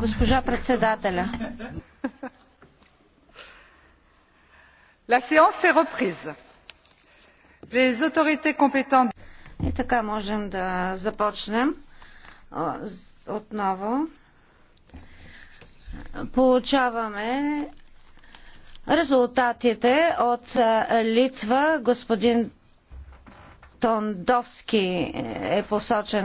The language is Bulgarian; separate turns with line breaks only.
Госпожа
председателя. La séance est reprise. Les autorités compétentes. И така можем
да започнем отново. Получаваме резултатите от Литва. Господин Тондовски е,
е посочен